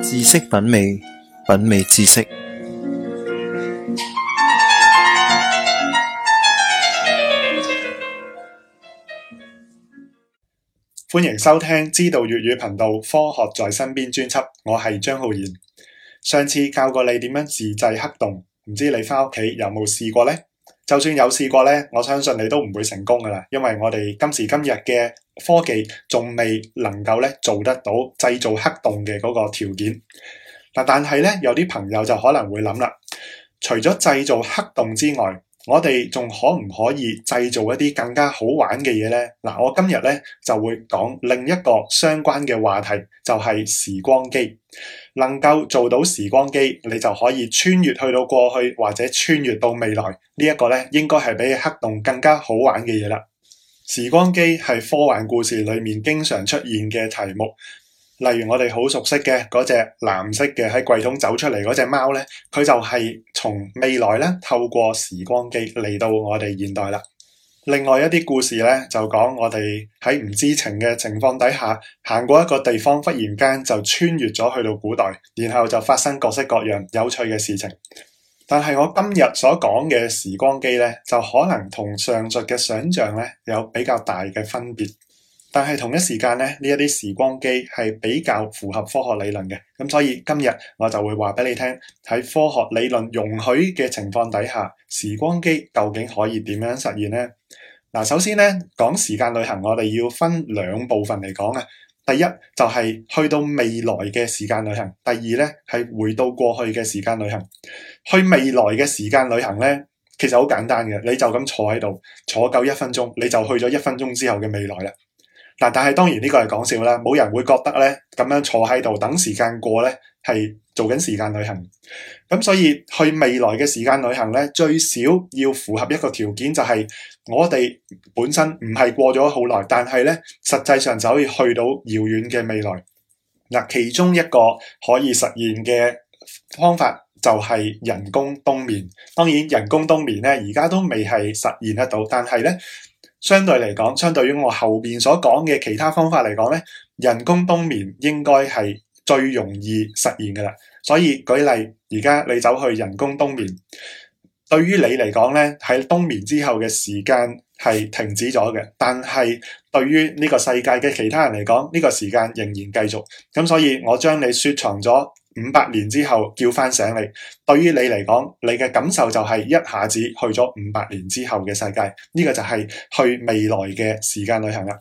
知識品味，品味知識。歡迎收聽《知道粵語頻道》科學在身邊專輯，我係張浩然。上次教過你點樣自製黑洞，唔知你返屋企有冇試過呢？就算有試過咧，我相信你都唔會成功噶啦，因為我哋今時今日嘅科技仲未能夠咧做得到製造黑洞嘅嗰個條件。嗱，但係咧，有啲朋友就可能會諗啦，除咗製造黑洞之外。我哋仲可唔可以製造一啲更加好玩嘅嘢呢？嗱，我今日咧就會講另一個相關嘅話題，就係時光機。能夠做到時光機，你就可以穿越去到過去或者穿越到未來。呢一個咧，應該係比黑洞更加好玩嘅嘢啦。時光機係科幻故事裏面經常出現嘅題目。例如我哋好熟悉嘅嗰隻藍色嘅喺櫃桶走出嚟嗰隻貓咧，佢就係從未來咧透過時光機嚟到我哋現代啦。另外一啲故事咧就講我哋喺唔知情嘅情況底下行過一個地方，忽然間就穿越咗去到古代，然後就發生各式各樣有趣嘅事情。但係我今日所講嘅時光機咧，就可能同上述嘅想象咧有比較大嘅分別。但係同一時間咧，呢一啲時光機係比較符合科學理論嘅。咁所以今日我就會話俾你聽喺科學理論容許嘅情況底下，時光機究竟可以點樣實現呢？嗱，首先咧講時間旅行，我哋要分兩部分嚟講啊。第一就係去到未來嘅時間旅行，第二咧係回到過去嘅時間旅行。去未來嘅時間旅行咧，其實好簡單嘅，你就咁坐喺度，坐夠一分鐘，你就去咗一分鐘之後嘅未來啦。嗱，但係當然呢個係講笑啦，冇人會覺得咧咁樣坐喺度等時間過咧，係做緊時間旅行。咁所以去未來嘅時間旅行咧，最少要符合一個條件，就係我哋本身唔係過咗好耐，但係咧實際上就可以去到遙遠嘅未來。嗱，其中一個可以實現嘅方法就係人工冬眠。當然，人工冬眠咧而家都未係實現得到，但係咧。相對嚟講，相對於我後邊所講嘅其他方法嚟講咧，人工冬眠應該係最容易實現噶啦。所以舉例，而家你走去人工冬眠，對於你嚟講咧，喺冬眠之後嘅時間係停止咗嘅，但係對於呢個世界嘅其他人嚟講，呢個時間仍然繼續。咁所以，我將你雪藏咗。五百年之後叫翻醒你，對於你嚟講，你嘅感受就係一下子去咗五百年之後嘅世界，呢個就係去未來嘅時間旅行啦。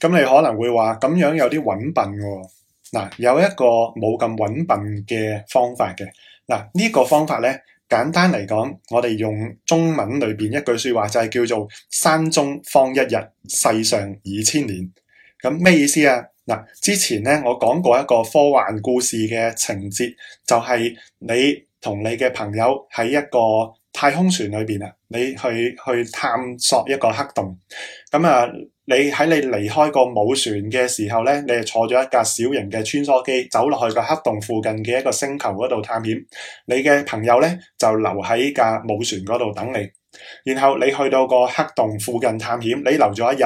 咁你可能會話咁樣有啲揾笨喎。嗱，有一個冇咁揾笨嘅方法嘅。嗱，呢個方法咧，簡單嚟講，我哋用中文裏面一句說話就係叫做山中方一日，世上已千年。咁咩意思啊？嗱，之前咧我講過一個科幻故事嘅情節，就係你同你嘅朋友喺一個太空船裏邊啊，你去去探索一個黑洞。咁啊，你喺你離開個母船嘅時候咧，你係坐咗一架小型嘅穿梭機走落去個黑洞附近嘅一個星球嗰度探險。你嘅朋友咧就留喺架母船嗰度等你。然後你去到個黑洞附近探險，你留咗一日，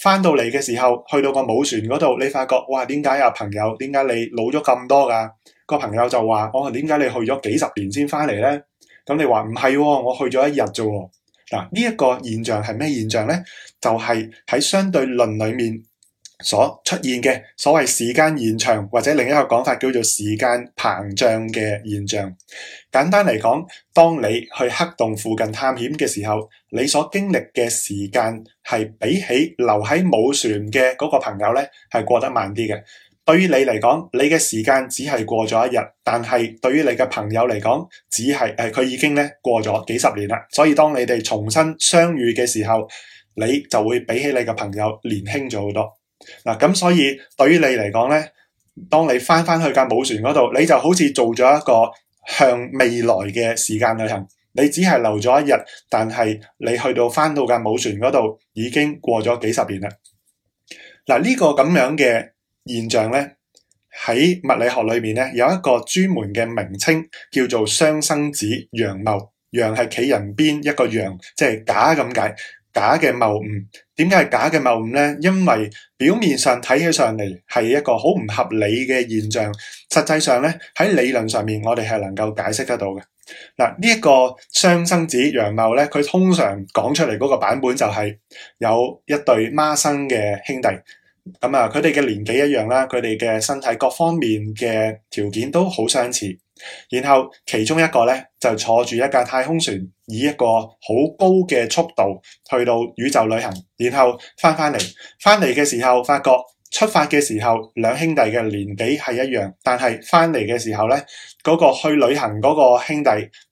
翻到嚟嘅時候，去到個母船嗰度，你發覺，哇，點解啊朋友，點解你老咗咁多噶？個朋友就話，我點解你去咗幾十年先翻嚟呢？咁你話唔係，我去咗一日啫。嗱，呢一個現象係咩現象呢？就係喺相對論裏面，所出現嘅所謂時間延長，或者另一個講法叫做時間膨脹嘅現象。簡單嚟講，當你去黑洞附近探險嘅時候，你所經歷嘅時間係比起留喺母船嘅嗰個朋友咧，係過得慢啲嘅。對於你嚟講，你嘅時間只係過咗一日，但係對於你嘅朋友嚟講，只係誒佢已經咧過咗幾十年啦。所以當你哋重新相遇嘅時候，你就會比起你嘅朋友年輕咗好多。嗱，咁所以對於你嚟講咧，當你翻翻去架母船嗰度，你就好似做咗一個向未來嘅時間旅行。你只係留咗一日，但係你去到翻到架母船嗰度，已經過咗幾十年啦。嗱，呢個咁樣嘅現象咧，喺物理學裏面咧有一個專門嘅名稱，叫做雙生子佯謬。佯係企人邊一個羊，即係假咁解。假嘅謬誤，點解係假嘅謬誤呢？因為表面上睇起上嚟係一個好唔合理嘅現象，實際上呢，喺理論上面我哋係能夠解釋得到嘅。嗱，呢一個雙生子佯謬呢，佢通常講出嚟嗰個版本就係有一對孖生嘅兄弟，咁啊佢哋嘅年紀一樣啦，佢哋嘅身體各方面嘅條件都好相似。然後其中一個咧就坐住一架太空船，以一個好高嘅速度去到宇宙旅行，然後翻返嚟，翻嚟嘅時候發覺出發嘅時候兩兄弟嘅年紀係一樣，但係翻嚟嘅時候咧，嗰個去旅行嗰個兄弟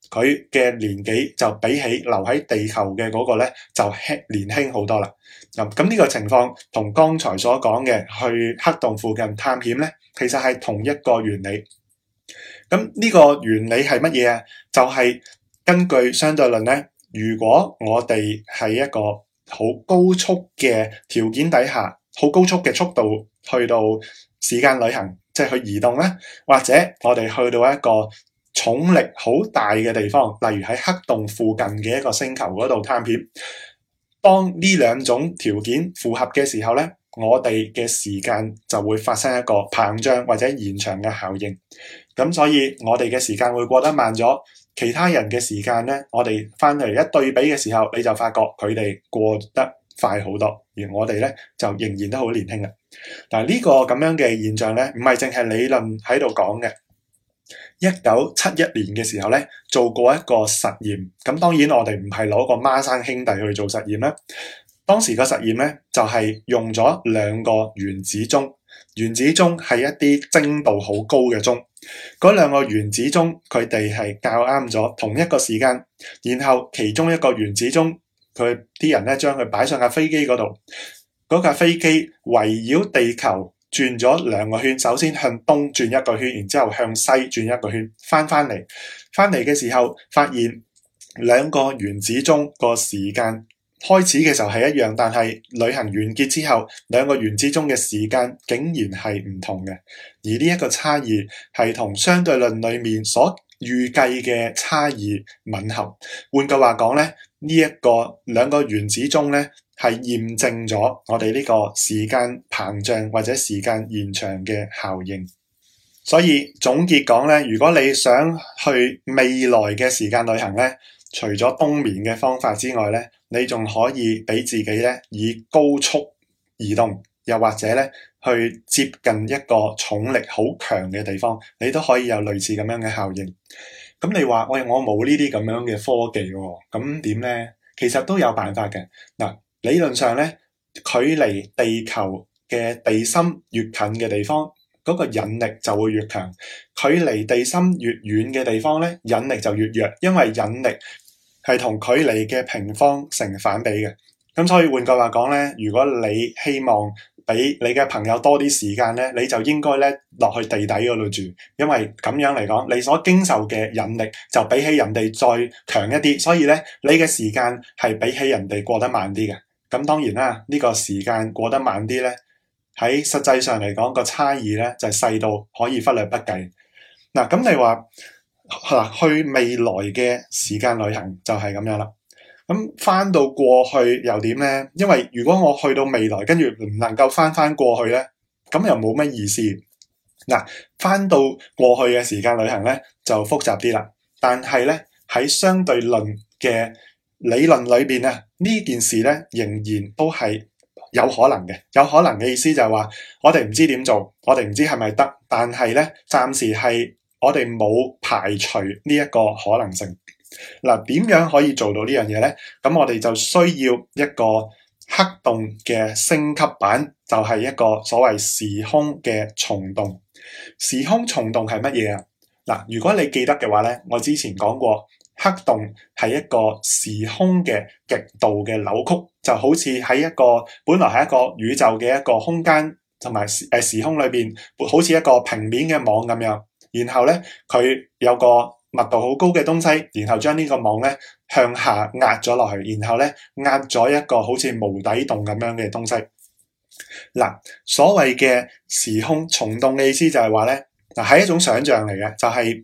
佢嘅年紀就比起留喺地球嘅嗰個咧就輕年輕好多啦。咁咁呢個情況同剛才所講嘅去黑洞附近探險咧，其實係同一個原理。咁呢個原理係乜嘢啊？就係根據相對論咧，如果我哋喺一個好高速嘅條件底下，好高速嘅速度去到時間旅行，即係去移動咧，或者我哋去到一個重力好大嘅地方，例如喺黑洞附近嘅一個星球嗰度探險，當呢兩種條件符合嘅時候咧，我哋嘅時間就會發生一個膨脹或者延長嘅效應。咁所以我哋嘅時間會過得慢咗，其他人嘅時間咧，我哋翻嚟一對比嘅時候，你就發覺佢哋過得快好多，而我哋咧就仍然都好年輕啦。嗱、這、呢個咁樣嘅現象咧，唔係淨係理論喺度講嘅。一九七一年嘅時候咧做過一個實驗，咁當然我哋唔係攞個孖生兄弟去做實驗啦。當時個實驗咧就係、是、用咗兩個原子鐘，原子鐘係一啲精度好高嘅鐘。嗰兩個原子鐘佢哋係較啱咗同一個時間，然後其中一個原子鐘佢啲人咧將佢擺上架飛機嗰度，嗰架飛機圍繞地球轉咗兩個圈，首先向東轉一個圈，然之後向西轉一個圈，翻返嚟，翻嚟嘅時候發現兩個原子鐘個時間，開始嘅時候係一樣，但係旅行完結之後，兩個原子鐘嘅時間竟然係唔同嘅，而呢一個差異係同相對論裡面所預計嘅差異吻合。換句話講咧，呢、這、一個兩個原子鐘咧係驗證咗我哋呢個時間膨脹或者時間延長嘅效應。所以總結講咧，如果你想去未來嘅時間旅行咧，除咗冬眠嘅方法之外咧，你仲可以俾自己咧以高速移動，又或者咧去接近一個重力好強嘅地方，你都可以有類似咁樣嘅效應。咁你話喂，我冇呢啲咁樣嘅科技喎，咁點呢？其實都有辦法嘅嗱。理論上咧，距離地球嘅地心越近嘅地方。嗰個引力就會越強，距離地心越遠嘅地方咧，引力就越弱，因為引力係同距離嘅平方成反比嘅。咁所以換句話講咧，如果你希望俾你嘅朋友多啲時間咧，你就應該咧落去地底嗰度住，因為咁樣嚟講，你所經受嘅引力就比起人哋再強一啲，所以咧你嘅時間係比起人哋過得慢啲嘅。咁當然啦，呢個時間過得慢啲咧。喺實際上嚟講，個差異咧就係細到可以忽略不計。嗱，咁你話嗱去未來嘅時間旅行就係咁樣啦。咁翻到過去又點咧？因為如果我去到未來，跟住唔能夠翻翻過去咧，咁又冇乜意思。嗱，翻到過去嘅時間旅行咧就複雜啲啦。但係咧喺相對論嘅理論裏面呢，呢件事咧仍然都係。有可能嘅，有可能嘅意思就係話，我哋唔知點做，我哋唔知係咪得，但係咧，暫時係我哋冇排除呢一個可能性。嗱、啊，點樣可以做到呢樣嘢咧？咁我哋就需要一個黑洞嘅升級版，就係、是、一個所謂時空嘅蟲洞。時空蟲洞係乜嘢啊？嗱，如果你記得嘅話咧，我之前講過。黑洞係一個時空嘅極度嘅扭曲，就好似喺一個本來係一個宇宙嘅一個空間同埋時誒，時空裏邊，好似一個平面嘅網咁樣。然後咧，佢有個密度好高嘅東西，然後將呢個網咧，向下壓咗落去，然後咧壓咗一個好似無底洞咁樣嘅東西。嗱，所謂嘅時空蟲洞嘅意思就係話咧，嗱係一種想象嚟嘅，就係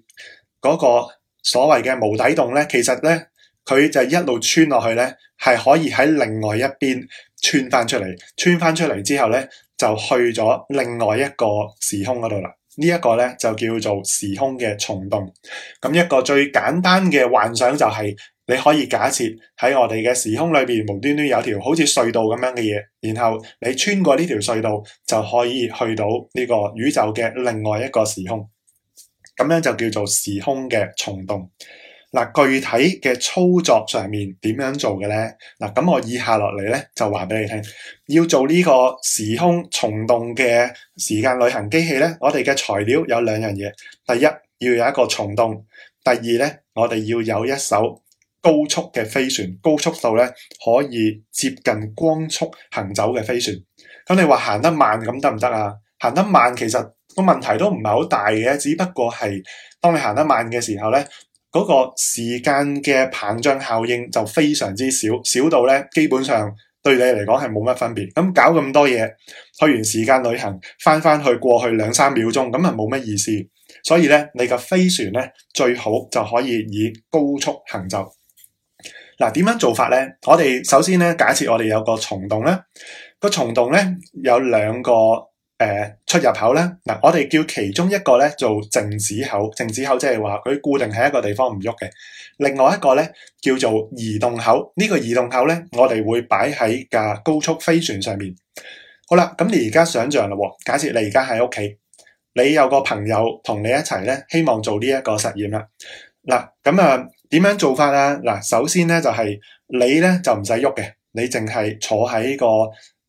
嗰個。所謂嘅無底洞咧，其實咧佢就一路穿落去咧，係可以喺另外一邊穿翻出嚟，穿翻出嚟之後咧，就去咗另外一個時空嗰度啦。這個、呢一個咧就叫做時空嘅蟲洞。咁一個最簡單嘅幻想就係、是、你可以假設喺我哋嘅時空裏面無端端有條好似隧道咁樣嘅嘢，然後你穿過呢條隧道就可以去到呢個宇宙嘅另外一個時空。咁樣就叫做時空嘅蟲洞。嗱，具體嘅操作上面點樣做嘅咧？嗱，咁我以下落嚟咧就話俾你聽，要做呢個時空蟲洞嘅時間旅行機器咧，我哋嘅材料有兩樣嘢。第一要有一個蟲洞，第二咧我哋要有一艘高速嘅飛船，高速度咧可以接近光速行走嘅飛船。咁你話行得慢咁得唔得啊？行得慢其實。個問題都唔係好大嘅，只不過係當你行得慢嘅時候咧，嗰個時間嘅膨脹效應就非常之少，少到咧基本上對你嚟講係冇乜分別。咁搞咁多嘢，去完時間旅行翻翻去過去兩三秒鐘，咁係冇乜意思。所以咧，你嘅飛船咧最好就可以以高速行走。嗱，點樣做法咧？我哋首先咧假設我哋有個蟲洞咧，個蟲洞咧有兩個。誒，出入口咧，嗱，我哋叫其中一個咧做靜止口，靜止口即係話佢固定喺一個地方唔喐嘅，另外一個咧叫做移動口，呢個移動口咧，我哋會擺喺架高速飛船上面。好啦，咁你而家想象啦，假設你而家喺屋企，你有個朋友同你一齊咧，希望做呢一個實驗啦。嗱，咁啊，點樣做法啊？嗱，首先咧就係你咧就唔使喐嘅，你淨係坐喺個。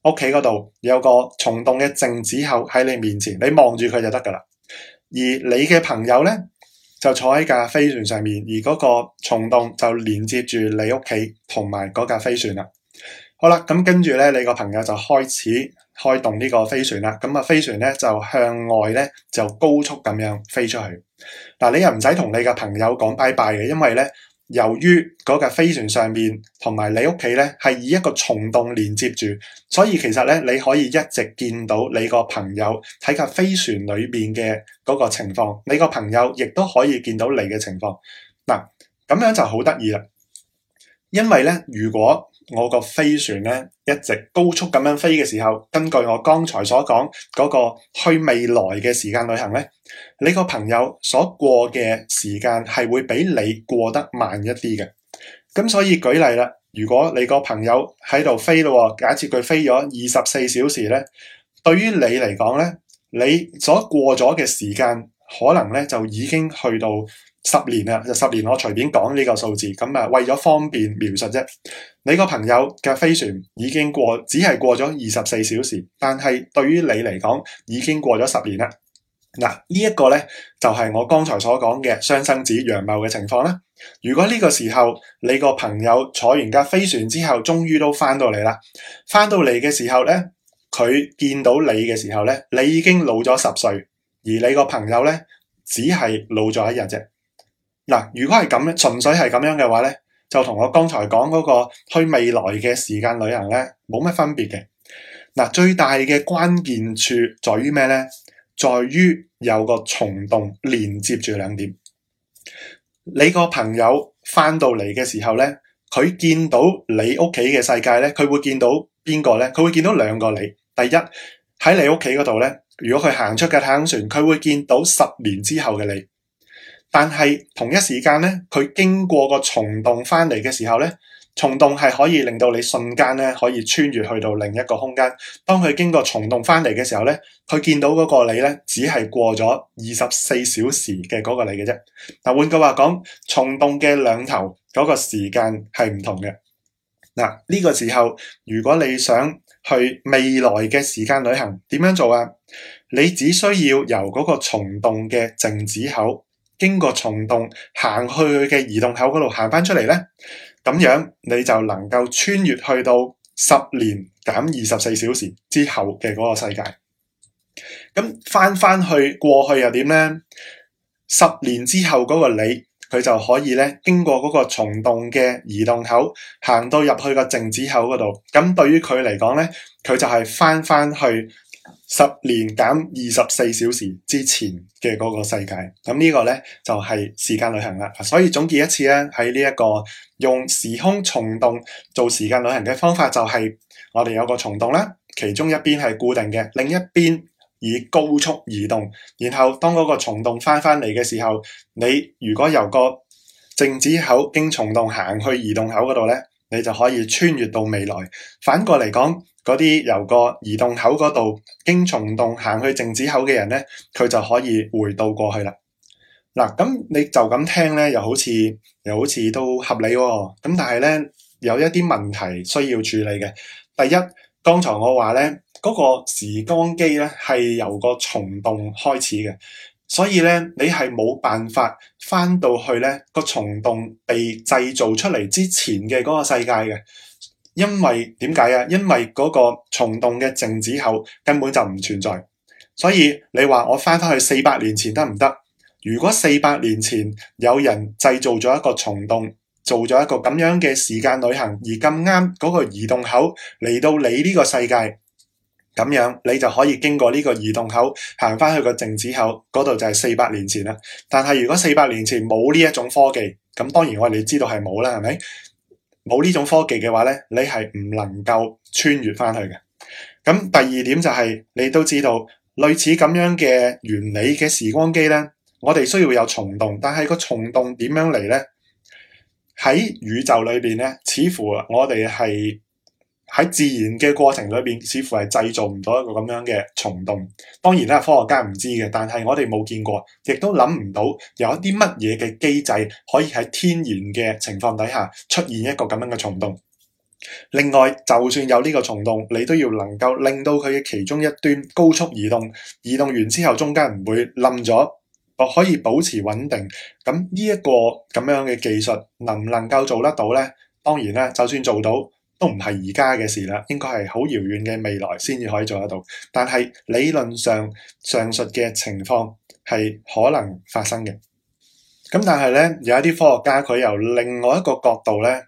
屋企嗰度有個蟲洞嘅靜止口喺你面前，你望住佢就得噶啦。而你嘅朋友呢，就坐喺架飛船上面，而嗰個蟲洞就連接住你屋企同埋嗰架飛船啦。好啦，咁跟住呢，你個朋友就開始開動呢個飛船啦。咁啊，飛船呢，就向外呢，就高速咁樣飛出去。嗱，你又唔使同你嘅朋友講拜拜嘅，因為呢。由於嗰架飛船上面同埋你屋企咧，係以一個蟲洞連接住，所以其實咧，你可以一直見到你個朋友睇個飛船裏邊嘅嗰個情況，你個朋友亦都可以見到你嘅情況。嗱，咁樣就好得意啦，因為咧如果。我個飛船咧一直高速咁樣飛嘅時候，根據我剛才所講嗰個去未來嘅時間旅行咧，你個朋友所過嘅時間係會比你過得慢一啲嘅。咁所以舉例啦，如果你個朋友喺度飛咯，假設佢飛咗二十四小時咧，對於你嚟講咧，你所過咗嘅時間可能咧就已經去到十年啦，就十年，我隨便講呢個數字，咁啊為咗方便描述啫。你個朋友嘅飛船已經過，只係過咗二十四小時，但係對於你嚟講已經過咗十年啦。嗱，呢一個咧就係我剛才所講嘅雙生子佯謬嘅情況啦。如果呢個時候你個朋友坐完架飛船之後，終於都翻到嚟啦，翻到嚟嘅時候咧，佢見到你嘅時候咧，你已經老咗十歲，而你個朋友咧只係老咗一日啫。嗱，如果係咁樣，純粹係咁樣嘅話咧。就同我剛才講嗰個去未來嘅時間旅行咧，冇乜分別嘅。嗱，最大嘅關鍵處在於咩咧？在於有個蟲洞連接住兩點。你個朋友翻到嚟嘅時候咧，佢見到你屋企嘅世界咧，佢會見到邊個咧？佢會見到兩個你。第一，喺你屋企嗰度咧，如果佢行出嘅太空船，佢會見到十年之後嘅你。但係同一時間咧，佢經過個蟲洞翻嚟嘅時候咧，蟲洞係可以令到你瞬間咧可以穿越去到另一個空間。當佢經過蟲洞翻嚟嘅時候咧，佢見到嗰個你咧，只係過咗二十四小時嘅嗰個你嘅啫。嗱，換句話講，蟲洞嘅兩頭嗰個時間係唔同嘅。嗱，呢個時候如果你想去未來嘅時間旅行，點樣做啊？你只需要由嗰個蟲洞嘅靜止口。經過蟲洞行去佢嘅移動口嗰度行翻出嚟咧，咁樣你就能夠穿越去到十年減二十四小時之後嘅嗰個世界。咁翻翻去過去又點咧？十年之後嗰個你，佢就可以咧經過嗰個蟲洞嘅移動口，行到入去個靜止口嗰度。咁對於佢嚟講咧，佢就係翻翻去十年減二十四小時之前嘅嗰個世界，咁呢個呢就係、是、時間旅行啦。所以總結一次咧，喺呢一個用時空蟲洞做時間旅行嘅方法，就是，就係我哋有個蟲洞啦，其中一邊係固定嘅，另一邊以高速移動，然後當嗰個蟲洞翻返嚟嘅時候，你如果由個靜止口經蟲洞行去移動口嗰度呢。你就可以穿越到未來。反過嚟講，嗰啲由個移動口嗰度經蟲洞行去靜止口嘅人咧，佢就可以回到過去啦。嗱，咁你就咁聽咧，又好似又好似都合理喎。咁但係咧，有一啲問題需要處理嘅。第一，剛才我話咧，嗰個時光機咧係由個蟲洞開始嘅。所以咧，你係冇辦法翻到去呢個蟲洞被製造出嚟之前嘅嗰個世界嘅，因為點解啊？因為嗰個蟲洞嘅靜止口根本就唔存在，所以你話我翻返去四百年前得唔得？如果四百年前有人製造咗一個蟲洞，做咗一個咁樣嘅時間旅行，而咁啱嗰個移動口嚟到你呢個世界。咁樣你就可以經過呢個移動口行翻去個靜止口嗰度，就係四百年前啦。但係如果四百年前冇呢一種科技，咁當然我哋知道係冇啦，係咪？冇呢種科技嘅話咧，你係唔能夠穿越翻去嘅。咁第二點就係你都知道類似咁樣嘅原理嘅時光機咧，我哋需要有蟲洞，但係個蟲洞點樣嚟咧？喺宇宙裏邊咧，似乎我哋係。喺自然嘅過程裏面，似乎係製造唔到一個咁樣嘅蟲洞。當然咧，科學家唔知嘅，但係我哋冇見過，亦都諗唔到有一啲乜嘢嘅機制可以喺天然嘅情況底下出現一個咁樣嘅蟲洞。另外，就算有呢個蟲洞，你都要能夠令到佢嘅其中一端高速移動，移動完之後中間唔會冧咗，可以保持穩定。咁呢一個咁樣嘅技術能唔能夠做得到呢？當然啦，就算做到。都唔係而家嘅事啦，應該係好遙遠嘅未來先至可以做得到。但係理論上上述嘅情況係可能發生嘅。咁但係咧，有一啲科學家佢由另外一個角度咧，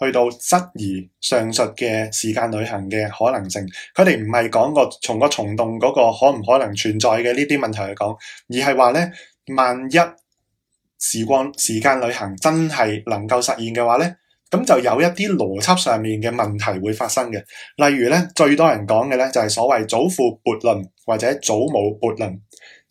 去到質疑上述嘅時間旅行嘅可能性。佢哋唔係講個從個蟲洞嗰個可唔可能存在嘅呢啲問題去講，而係話咧，萬一時光時間旅行真係能夠實現嘅話咧，咁就有一啲邏輯上面嘅問題會發生嘅，例如咧最多人講嘅咧就係所謂祖父悖論或者祖母悖論，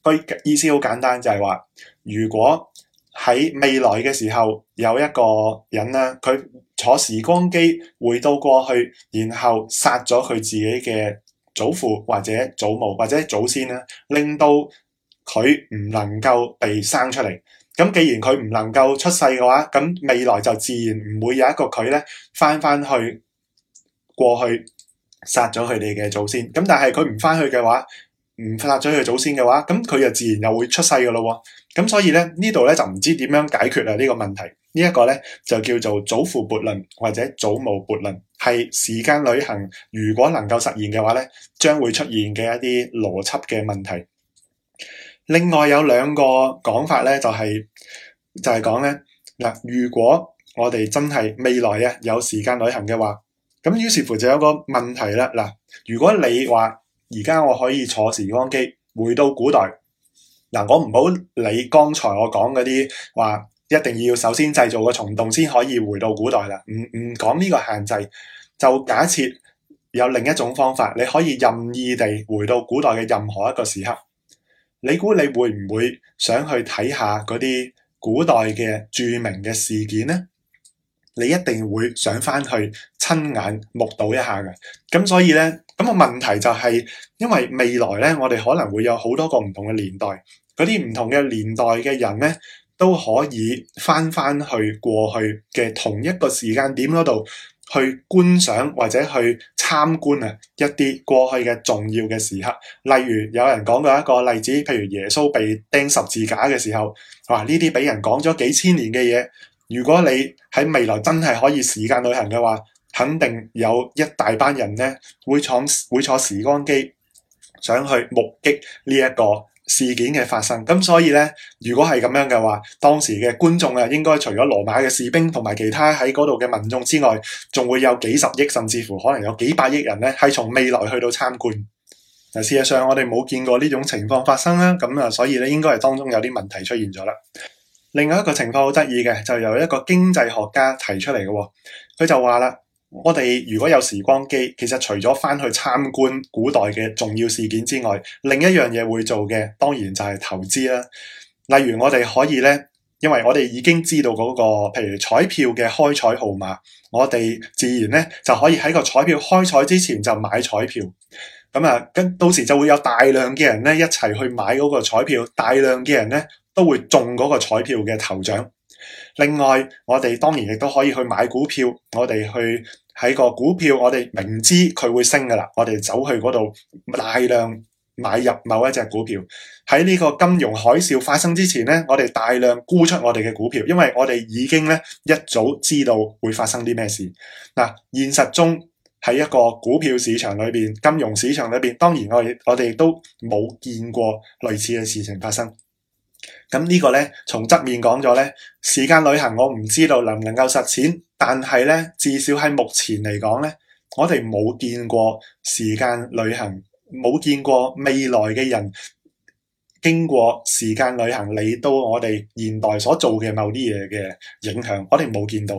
佢意思好簡單，就係話如果喺未來嘅時候有一個人啦，佢坐時光機回到過去，然後殺咗佢自己嘅祖父或者祖母或者祖先啦，令到佢唔能夠被生出嚟。咁既然佢唔能夠出世嘅話，咁未來就自然唔會有一個佢咧翻翻去過去殺咗佢哋嘅祖先。咁但係佢唔翻去嘅話，唔殺咗佢祖先嘅話，咁佢就自然又會出世嘅咯。咁所以咧呢度咧就唔知點樣解決啊呢個問題。這個、呢一個咧就叫做祖父悖論或者祖母悖論，係時間旅行如果能夠實現嘅話咧，將會出現嘅一啲邏輯嘅問題。另外有兩個講法咧，就係，就係就係講咧，嗱，如果我哋真係未來啊有時間旅行嘅話，咁於是乎就有個個問題啦嗱，如果你話而家我可以坐時光機回到古代，嗱我唔好理剛才我講嗰啲話，一定要首先製造個蟲洞先可以回到古代啦，唔唔講呢個限制，就假設有另一種方法，你可以任意地回到古代嘅任何一個時刻。你估你會唔會想去睇下嗰啲古代嘅著名嘅事件呢？你一定會想翻去親眼目睹一下嘅。咁所以呢，咁個問題就係，因為未來呢，我哋可能會有好多個唔同嘅年代，嗰啲唔同嘅年代嘅人呢，都可以翻翻去過去嘅同一個時間點嗰度去觀賞或者去。參觀啊，一啲過去嘅重要嘅時刻，例如有人講過一個例子，譬如耶穌被釘十字架嘅時候，哇！呢啲俾人講咗幾千年嘅嘢，如果你喺未來真係可以時間旅行嘅話，肯定有一大班人呢會坐會坐時光機想去目擊呢一個事件嘅發生，咁所以呢，如果係咁樣嘅話，當時嘅觀眾啊，應該除咗羅馬嘅士兵同埋其他喺嗰度嘅民眾之外，仲會有幾十億，甚至乎可能有幾百億人呢，係從未來去到參觀。嗱，事實上我哋冇見過呢種情況發生啦，咁啊，所以呢應該係當中有啲問題出現咗啦。另外一個情況好得意嘅，就由一個經濟學家提出嚟嘅，佢就話啦。我哋如果有時光機，其實除咗翻去參觀古代嘅重要事件之外，另一樣嘢會做嘅，當然就係投資啦。例如我哋可以咧，因為我哋已經知道嗰個，譬如彩票嘅開彩號碼，我哋自然咧就可以喺個彩票開彩之前就買彩票。咁啊，跟到時就會有大量嘅人咧一齊去買嗰個彩票，大量嘅人咧都會中嗰個彩票嘅頭獎。另外，我哋當然亦都可以去買股票。我哋去喺個股票，我哋明知佢會升㗎喇，我哋走去嗰度大量買入某一隻股票。喺呢個金融海嘯發生之前咧，我哋大量沽出我哋嘅股票，因為我哋已經咧一早知道會發生啲咩事。嗱，現實中喺一個股票市場裏邊、金融市場裏邊，當然我哋我哋都冇見過類似嘅事情發生。咁呢個咧，從側面講咗咧，時間旅行我唔知道能唔能夠實踐，但係咧，至少喺目前嚟講咧，我哋冇見過時間旅行，冇見過未來嘅人經過時間旅行嚟到我哋現代所做嘅某啲嘢嘅影響，我哋冇見到。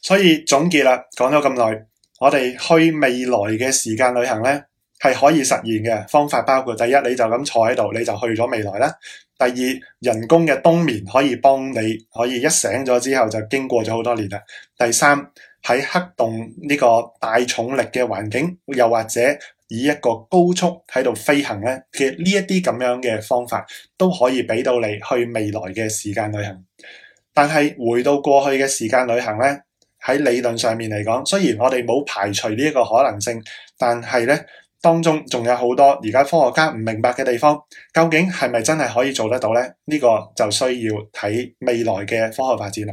所以總結啦，講咗咁耐，我哋去未來嘅時間旅行咧，係可以實現嘅方法，包括第一，你就咁坐喺度，你就去咗未來啦。第二，人工嘅冬眠可以幫你，可以一醒咗之後就經過咗好多年啦。第三，喺黑洞呢個大重力嘅環境，又或者以一個高速喺度飛行咧，其實呢一啲咁樣嘅方法，都可以俾到你去未來嘅時間旅行。但係回到過去嘅時間旅行咧，喺理論上面嚟講，雖然我哋冇排除呢一個可能性，但係咧。當中仲有好多而家科學家唔明白嘅地方，究竟係咪真係可以做得到呢？呢個就需要睇未來嘅科學發展啦。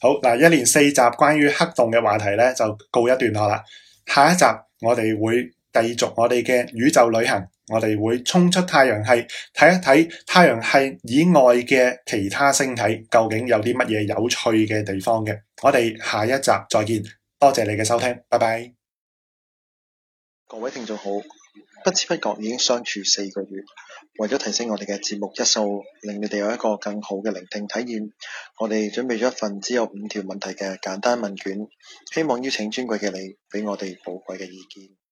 好嗱，一連四集關於黑洞嘅話題咧，就告一段落啦。下一集我哋會繼續我哋嘅宇宙旅行，我哋會衝出太陽系，睇一睇太陽系以外嘅其他星體究竟有啲乜嘢有趣嘅地方嘅。我哋下一集再見，多謝你嘅收聽，拜拜。各位聽眾好，不知不覺已經相處四個月，為咗提升我哋嘅節目質素，令你哋有一個更好嘅聆聽體驗，我哋準備咗一份只有五條問題嘅簡單問卷，希望邀請尊貴嘅你俾我哋寶貴嘅意見。